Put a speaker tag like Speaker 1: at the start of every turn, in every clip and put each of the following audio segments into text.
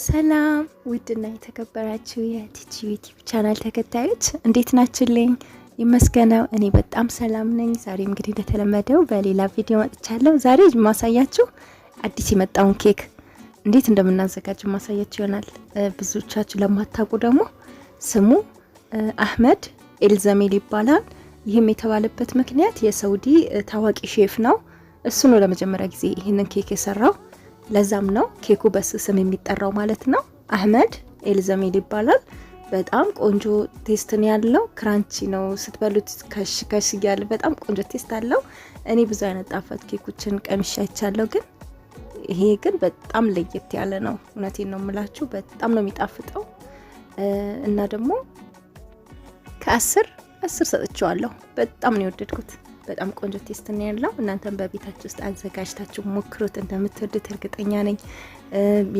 Speaker 1: ሰላም ውድና የተከበራችሁ የቲጂ ዩቲዩብ ቻናል ተከታዮች እንዴት ናችሁልኝ? ይመስገነው እኔ በጣም ሰላም ነኝ። ዛሬ እንግዲህ እንደተለመደው በሌላ ቪዲዮ መጥቻለሁ። ዛሬ ማሳያችሁ አዲስ የመጣውን ኬክ እንዴት እንደምናዘጋጅ ማሳያችሁ ይሆናል። ብዙዎቻችሁ ለማታውቁ ደግሞ ስሙ አህመድ ኤልዘሜል ይባላል። ይህም የተባለበት ምክንያት የሰውዲ ታዋቂ ሼፍ ነው። እሱ ነው ለመጀመሪያ ጊዜ ይህንን ኬክ የሰራው። ለዛም ነው ኬኩ በሱ ስም የሚጠራው ማለት ነው። አህመድ ኤልዘሜል ይባላል። በጣም ቆንጆ ቴስትን ያለው። ክራንቺ ነው ስትበሉት፣ ከሽ ከሽ እያለ በጣም ቆንጆ ቴስት አለው። እኔ ብዙ አይነት ጣፋት ኬኮችን ቀምሻ ግን ይሄ ግን በጣም ለየት ያለ ነው። እውነቴን ነው የምላችሁ፣ በጣም ነው የሚጣፍጠው እና ደግሞ ከአስር አስር ሰጥቼዋለሁ። በጣም ነው የወደድኩት። በጣም ቆንጆ ቴስት ነው ያለው። እናንተም በቤታችሁ ውስጥ አዘጋጅታችሁ ሞክሩት፣ እንደምትወዱት እርግጠኛ ነኝ።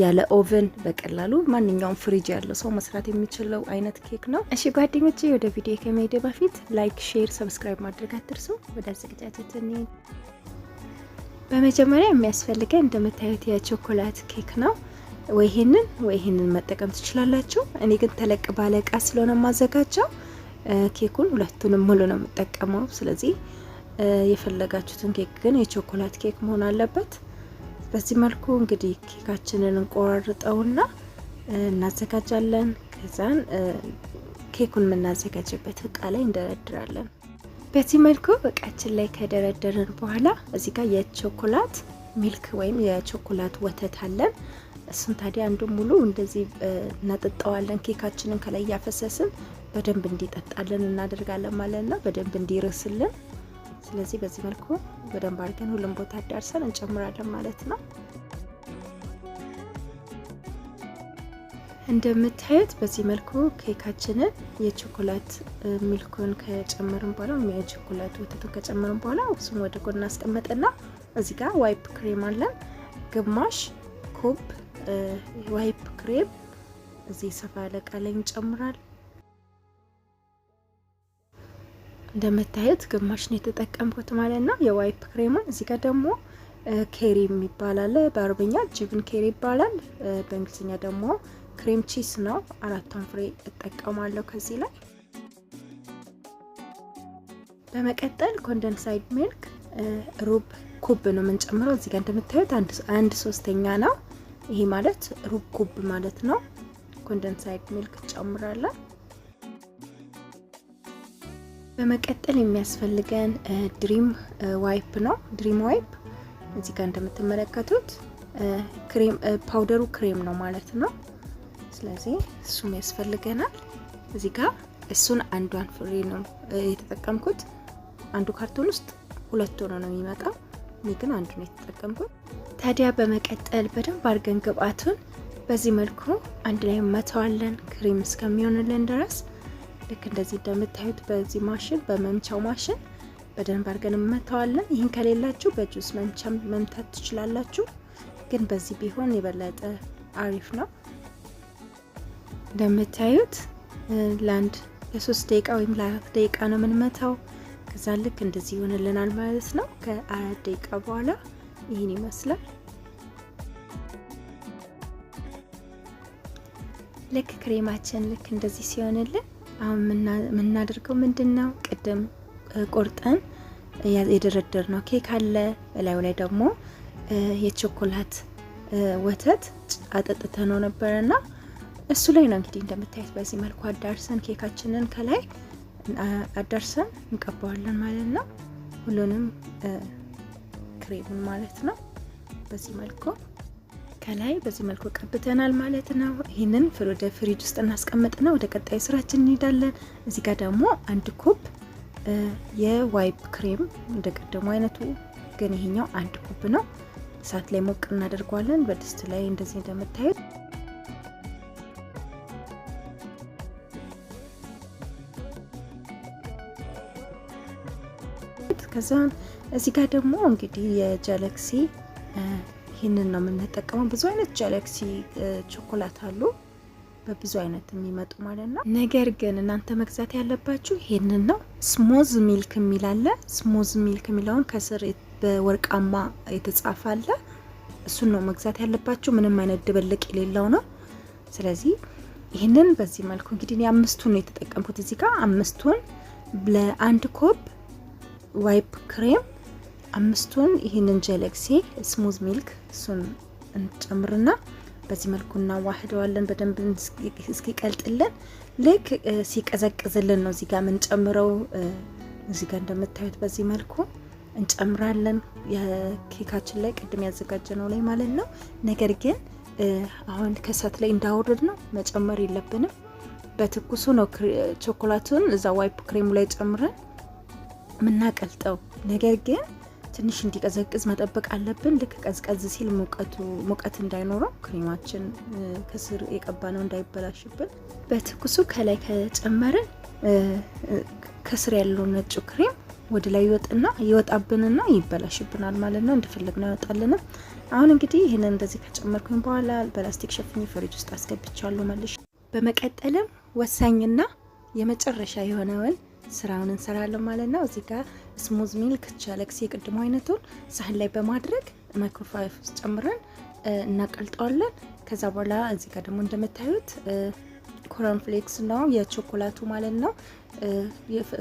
Speaker 1: ያለ ኦቨን በቀላሉ ማንኛውም ፍሪጅ ያለው ሰው መስራት የሚችለው አይነት ኬክ ነው። እሺ ጓደኞች ወደ ቪዲዮ ከመሄድ በፊት ላይክ፣ ሼር፣ ሰብስክራይብ ማድረግ አትርሱ። ወደ አዘገጃጀት በመጀመሪያ የሚያስፈልገን እንደምታዩት የቾኮላት ኬክ ነው። ወይ ይሄንን ወይ ይሄንን መጠቀም ትችላላችሁ። እኔ ግን ተለቅ ባለ እቃ ስለሆነ ማዘጋጀው ኬኩን ሁለቱንም ሙሉ ነው የምጠቀመው። ስለዚህ የፈለጋችሁትን ኬክ ግን የቾኮላት ኬክ መሆን አለበት። በዚህ መልኩ እንግዲህ ኬካችንን እንቆራርጠውና እናዘጋጃለን። ከዛን ኬኩን የምናዘጋጅበት እቃ ላይ እንደረድራለን። በዚህ መልኩ እቃችን ላይ ከደረደርን በኋላ እዚህ ጋር የቾኮላት ሚልክ ወይም የቾኮላት ወተት አለን። እሱን ታዲያ አንዱ ሙሉ እንደዚህ እናጠጣዋለን። ኬካችንን ከላይ እያፈሰስን በደንብ እንዲጠጣልን እናደርጋለን ማለት ነው። በደንብ እንዲርስልን ስለዚህ በዚህ መልኩ በደንብ አድርገን ሁሉም ቦታ አዳርሰን እንጨምራለን ማለት ነው። እንደምታዩት በዚህ መልኩ ኬካችንን የቾኮላት ሚልኩን ከጨመርን በኋላ ወይም የቾኮላት ወተቱን ከጨመርን በኋላ እሱን ወደ ጎን እናስቀመጠና እዚህ ጋር ዋይፕ ክሬም አለን። ግማሽ ኩብ ዋይፕ ክሬም እዚህ ሰፋ ያለ ቃ እንጨምራለን። እንደምታዩት ግማሽ ነው የተጠቀምኩት ማለት ነው የዋይፕ ክሬሙን። እዚህ ጋር ደግሞ ኬሪ የሚባል አለ። በአረብኛ ጅብን ኬሪ ይባላል። በእንግሊዝኛ ደግሞ ክሬም ቺስ ነው። አራቱን ፍሬ እጠቀማለሁ ከዚህ ላይ። በመቀጠል ኮንደንሳይድ ሚልክ ሩብ ኩብ ነው የምንጨምረው። እዚህ ጋር እንደምታዩት አንድ ሶስተኛ ነው። ይሄ ማለት ሩብ ኩብ ማለት ነው። ኮንደንሳይድ ሚልክ ጨምራለን። በመቀጠል የሚያስፈልገን ድሪም ዋይፕ ነው። ድሪም ዋይፕ እዚህ ጋር እንደምትመለከቱት ክሬም ፓውደሩ ክሬም ነው ማለት ነው። ስለዚህ እሱም ያስፈልገናል። እዚህ ጋር እሱን አንዷን ፍሬ ነው የተጠቀምኩት። አንዱ ካርቶን ውስጥ ሁለት ሆኖ ነው የሚመጣው። እኔ ግን አንዱ ነው የተጠቀምኩት። ታዲያ በመቀጠል በደንብ አድርገን ግብአቱን በዚህ መልኩ አንድ ላይ መተዋለን ክሬም እስከሚሆንልን ድረስ ልክ እንደዚህ እንደምታዩት በዚህ ማሽን በመምቻው ማሽን በደንብ አድርገን እንመታዋለን። ይህን ከሌላችሁ በጁስ መምቻ መምታት ትችላላችሁ፣ ግን በዚህ ቢሆን የበለጠ አሪፍ ነው። እንደምታዩት ለአንድ ለሶስት ደቂቃ ወይም ለአራት ደቂቃ ነው የምንመታው። ከዛ ልክ እንደዚህ ይሆንልናል ማለት ነው። ከአራት ደቂቃ በኋላ ይህን ይመስላል። ልክ ክሬማችን ልክ እንደዚህ ሲሆንልን አሁን የምናደርገው ምንድን ነው? ቅድም ቆርጠን የደረደር ነው ኬክ አለ። በላዩ ላይ ደግሞ የቾኮላት ወተት አጠጥተ ነው ነበረ ና እሱ ላይ ነው እንግዲህ እንደምታየት በዚህ መልኩ አዳርሰን ኬካችንን ከላይ አዳርሰን እንቀባዋለን ማለት ነው። ሁሉንም ክሬሙን ማለት ነው በዚህ መልኩ ከላይ በዚህ መልኩ ቀብተናል ማለት ነው። ይህንን ወደ ፍሪጅ ውስጥ እናስቀምጥና ወደ ቀጣይ ስራችን እንሄዳለን። እዚህ ጋር ደግሞ አንድ ኩብ የዋይፕ ክሬም እንደ ቀደሙ አይነቱ ግን ይሄኛው አንድ ኩብ ነው። እሳት ላይ ሞቅ እናደርገዋለን። በድስት ላይ እንደዚህ እንደምታዩት ከዛም እዚህ ጋር ደግሞ እንግዲህ የጃለክሲ ይህንን ነው የምንጠቀመው። ብዙ አይነት ጃላክሲ ቾኮላት አሉ በብዙ አይነት የሚመጡ ማለት ነው። ነገር ግን እናንተ መግዛት ያለባችሁ ይህንን ነው። ስሞዝ ሚልክ የሚል አለ። ስሞዝ ሚልክ የሚለውን ከስር በወርቃማ የተጻፈ አለ። እሱን ነው መግዛት ያለባችሁ። ምንም አይነት ድብልቅ የሌለው ነው። ስለዚህ ይህንን በዚህ መልኩ እንግዲህ አምስቱን ነው የተጠቀምኩት። እዚህ ጋር አምስቱን ለአንድ ኮብ ዋይፕ ክሬም አምስቱን ይህንን ጀለክሲ ስሙዝ ሚልክ እሱን እንጨምርና በዚህ መልኩ እናዋህደዋለን በደንብ እስኪቀልጥልን። ልክ ሲቀዘቅዝልን ነው እዚጋ የምንጨምረው። እዚጋ እንደምታዩት በዚህ መልኩ እንጨምራለን የኬካችን ላይ ቅድም ያዘጋጀነው ላይ ማለት ነው። ነገር ግን አሁን ከእሳት ላይ እንዳወረድ ነው መጨመር የለብንም። በትኩሱ ነው ቾኮላቱን እዛ ዋይፕ ክሬሙ ላይ ጨምረን የምናቀልጠው ነገር ግን ትንሽ እንዲቀዘቅዝ መጠበቅ አለብን። ልክ ቀዝቀዝ ሲል ሙቀት እንዳይኖረው ክሬማችን ከስር የቀባ ነው እንዳይበላሽብን በትኩሱ ከላይ ከጨመርን ከስር ያለው ነጩ ክሬም ወደ ላይ ይወጥና ይወጣብንና ይበላሽብናል ማለት ነው። እንደፈለግነው አይወጣልንም። አሁን እንግዲህ ይህንን እንደዚህ ከጨመርኩኝ በኋላ በላስቲክ ሸፍኝ ፍሪጅ ውስጥ አስገብቻለሁ መልሽ። በመቀጠልም ወሳኝና የመጨረሻ የሆነውን ስራውን እንሰራለን ማለት ነው። እዚህ ጋር ስሙዝ ሚልክ ቻለክስ የቅድሞ አይነቱን ሳህን ላይ በማድረግ ማይክሮፋይፍ ውስጥ ጨምረን እናቀልጠዋለን። ከዛ በኋላ እዚህ ጋር ደግሞ እንደምታዩት ኮረንፍሌክስ ነው የቾኮላቱ ማለት ነው።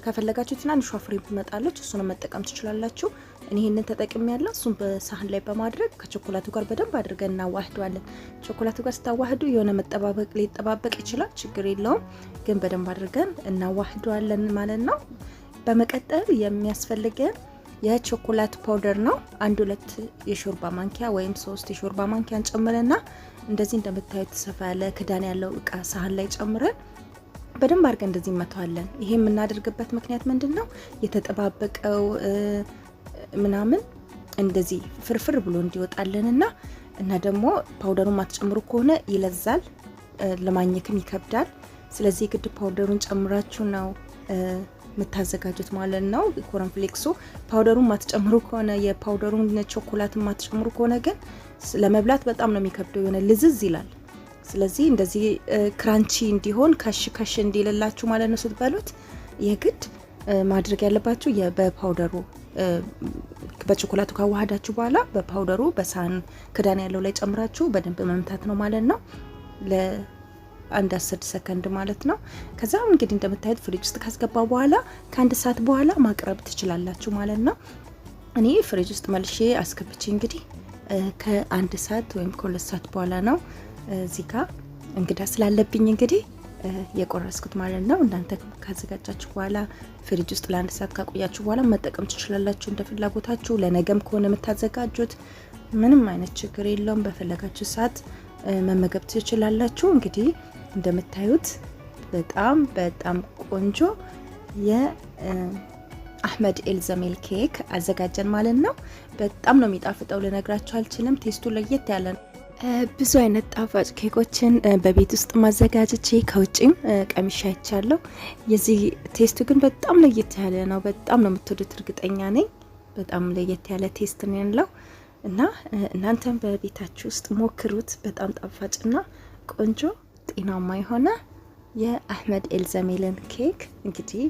Speaker 1: ከፈለጋችሁ ትናንሿ ፍሬ ትመጣለች እሱን መጠቀም ትችላላችሁ። እኔ ተጠቅም ያለው እሱን በሳህን ላይ በማድረግ ከቾኮላቱ ጋር በደንብ አድርገን እናዋህደዋለን። ቾኮላቱ ጋር ስታዋህዱ የሆነ መጠባበቅ ሊጠባበቅ ይችላል፣ ችግር የለውም ግን በደንብ አድርገን እናዋህደዋለን ማለት ነው። በመቀጠል የሚያስፈልገን የቾኮላት ፓውደር ነው። አንድ ሁለት የሾርባ ማንኪያ ወይም ሶስት የሾርባ ማንኪያን ጨምረና እንደዚህ እንደምታዩት ሰፋ ያለ ክዳን ያለው እቃ ሳህን ላይ ጨምረን በደንብ አድርገን እንደዚህ እንመታዋለን ይሄ የምናደርግበት ምክንያት ምንድን ነው? የተጠባበቀው ምናምን እንደዚህ ፍርፍር ብሎ እንዲወጣልንና እና ደግሞ ፓውደሩን ማትጨምሩ ከሆነ ይለዛል፣ ለማግኘትም ይከብዳል። ስለዚህ ግድ ፓውደሩን ጨምራችሁ ነው የምታዘጋጁት ማለት ነው። ኮረንፍሌክሱ ፓውደሩን ማትጨምሩ ከሆነ የፓውደሩን ቾኮላት ማትጨምሩ ከሆነ ግን ለመብላት በጣም ነው የሚከብደው፣ የሆነ ልዝዝ ይላል። ስለዚህ እንደዚህ ክራንቺ እንዲሆን ከሽ ከሽ እንዲልላችሁ ማለት ነው ስትበሉት የግድ ማድረግ ያለባችሁ በፓውደሩ በቾኮላቱ ካዋሃዳችሁ በኋላ በፓውደሩ በሳህን ክዳን ያለው ላይ ጨምራችሁ በደንብ መምታት ነው ማለት ነው ለአንድ አስር ሰከንድ ማለት ነው። ከዛ እንግዲህ እንደምታዩት ፍሪጅ ውስጥ ካስገባ በኋላ ከአንድ ሰዓት በኋላ ማቅረብ ትችላላችሁ ማለት ነው። እኔ ፍሪጅ ውስጥ መልሼ አስገብቼ እንግዲህ ከአንድ ሰዓት ወይም ከሁለት ሰዓት በኋላ ነው እዚህ ጋር እንግዳ ስላለብኝ እንግዲህ የቆረስኩት ማለት ነው። እናንተ ካዘጋጃችሁ በኋላ ፍሪጅ ውስጥ ለአንድ ሰዓት ካቆያችሁ በኋላ መጠቀም ትችላላችሁ እንደ ፍላጎታችሁ። ለነገም ከሆነ የምታዘጋጁት ምንም አይነት ችግር የለውም። በፈለጋችሁ ሰዓት መመገብ ትችላላችሁ። እንግዲህ እንደምታዩት በጣም በጣም ቆንጆ የአህመድ ኤልዘሜል ኬክ አዘጋጀን ማለት ነው። በጣም ነው የሚጣፍጠው፣ ልነግራችሁ አልችልም። ቴስቱ ለየት ያለ ነው። ብዙ አይነት ጣፋጭ ኬኮችን በቤት ውስጥ ማዘጋጀቼ ከውጭም ቀሚሻ ይቻለሁ። የዚህ ቴስቱ ግን በጣም ለየት ያለ ነው። በጣም ነው የምትወዱት እርግጠኛ ነኝ። በጣም ለየት ያለ ቴስት ነው ያለው እና እናንተም በቤታችሁ ውስጥ ሞክሩት። በጣም ጣፋጭና ቆንጆ ጤናማ የሆነ የአህመድ ኤልዘሜልን ኬክ እንግዲህ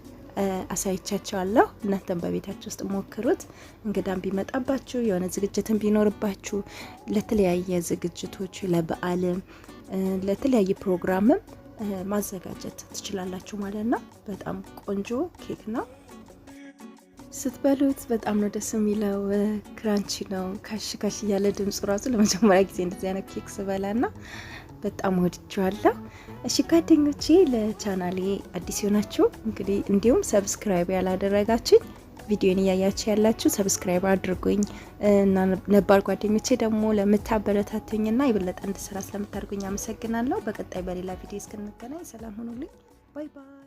Speaker 1: አሳይቻቸዋለሁ። እናንተም በቤታችሁ ውስጥ ሞክሩት። እንግዳም ቢመጣባችሁ የሆነ ዝግጅትም ቢኖርባችሁ ለተለያየ ዝግጅቶች፣ ለበዓልም ለተለያየ ፕሮግራምም ማዘጋጀት ትችላላችሁ ማለት ነው። በጣም ቆንጆ ኬክ ነው። ስትበሉት በጣም ነው ደስ የሚለው። ክራንቺ ነው፣ ካሽ ካሽ እያለ ድምፁ ራሱ ለመጀመሪያ ጊዜ እንደዚህ አይነት ኬክ ስበላ ና በጣም ወድጀዋለሁ። እሺ ጓደኞቼ፣ ለቻናሌ አዲስ የሆናችሁ እንግዲህ እንዲሁም ሰብስክራይብ ያላደረጋችኝ ቪዲዮን እያያችሁ ያላችሁ ሰብስክራይብ አድርጉኝ እና ነባር ጓደኞቼ ደግሞ ለምታበረታቱኝና የበለጠ እንድሰራ ስለምታደርጉኝ አመሰግናለሁ። በቀጣይ በሌላ ቪዲዮ እስክንገናኝ ሰላም ሁኑልኝ። ባይ ባይ።